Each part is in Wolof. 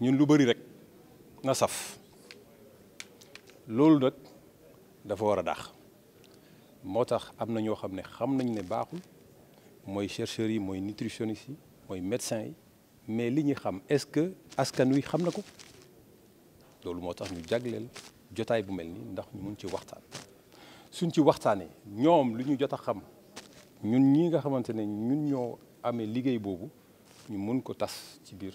ñun lu bëri rek na saf loolu nag dafa war a daax moo tax am na ñoo xam ne xam nañ ne baaxul mooy chercheurs yi mooy nutritionnistes yi mooy médecins yi mais li ñu xam est-ce que askan wi xam na ko loolu moo tax ñu jagleel jotaay bu mel nii ndax ñu mun ci waxtaan suñ ci waxtaanee ñoom lu ñu jot a xam ñun ñi nga xamante ne ñun ñoo amee liggéey boobu ñu mun ko tas ci biir.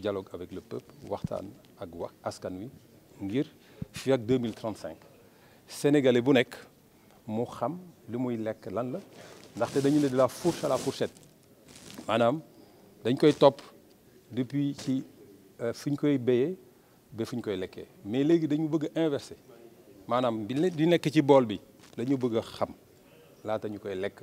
dialogue avec le peuple waxtaan ak wax askan wi ngir fii 2035 sénégalais bu nekk mu xam li muy lekk lan la dañu de la fourche à la fourchette Madame. dañ koy top. depuis ci euh, fi ñu koy béyee ba fi koy lekkee mais léegi dañu bëgg inverser. inversé maanaam di nekk ci bool bi dañu bëgg a xam laata ñu koy lekk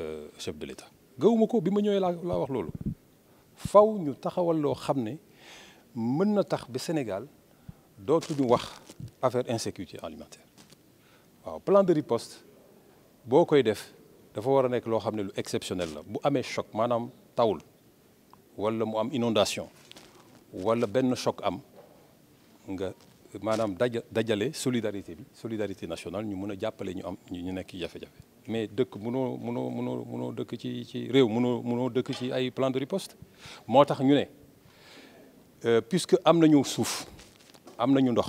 Euh, chef de l'État gëwuma ko bi ma ñëwee wax lolu. faw ñu taxawal lo xamné ne na tax bi Sénégal dootuñu wax affaire insécurité alimentaire waaw plan de riposte bokoy def dafa wara nek lo xamné lu exceptionnel la bu amé choc manam tawul wala mu am inondation wala ben choc am nga manam solidarité solidarité nationale ñu mëna a ñu am ñu nekk mais dëkk mëno mëno mëno dëkk ci ci réew dëkk ci ay plan de riposte motax ñu euh, puisque am nañu nous am nañu ndox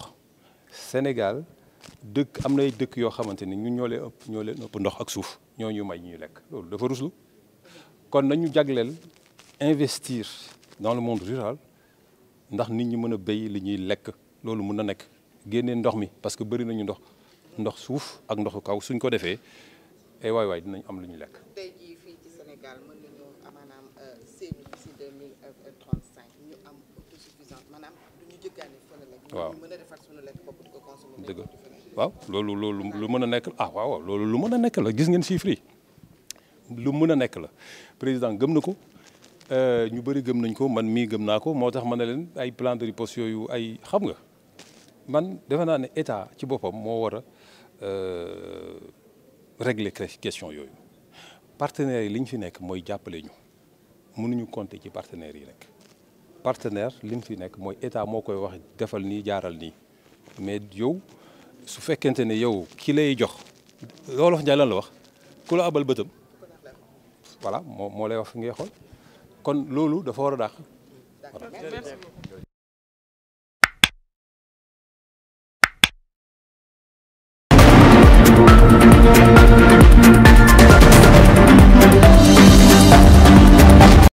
Sénégal dëkk am dëkk yo xamanteni nous ëpp ëpp ndox ak may investir dans le monde rural ndax nit ñi mëna lolu mun nek nekk ndox mi parce que bari nañu ndox ndox souf ak ndox kaw suñ ko defee eh, ay way way dinañ am luñu lek lekk. ji fi ci Sénégal mën nañu maanaam euh, séenu si deux mille ñu am autosuffisance maanaam du ñu jëggaane fële la. waaw ñu mën a suñu lek bopp di consommer. dëgg waaw lolu lolu lu mëna nek ah waaw lolu lu mëna nek la gis ngeen chiffres lu mëna nek la président gëm nako euh ñu bari gëm nañ ko man mi gëm nako motax man tax leen ay plan de riposte yu ay xam nga man defe naa ne état ci boppam moo war a euh, régler question yooyu partenaires yi li ñu fi nekk mooy jàppale ñu mënuñu compter ci partenaires yi rek partenaire li mu fi nekk mooy état moo koy wax defal nii jaaral nii mais yow su fekkente ne yow ki lay jox loolu wax lan la wax ku la abal bëtam voilà moo moo lay wax fi ngay xool kon loolu dafa war a dàq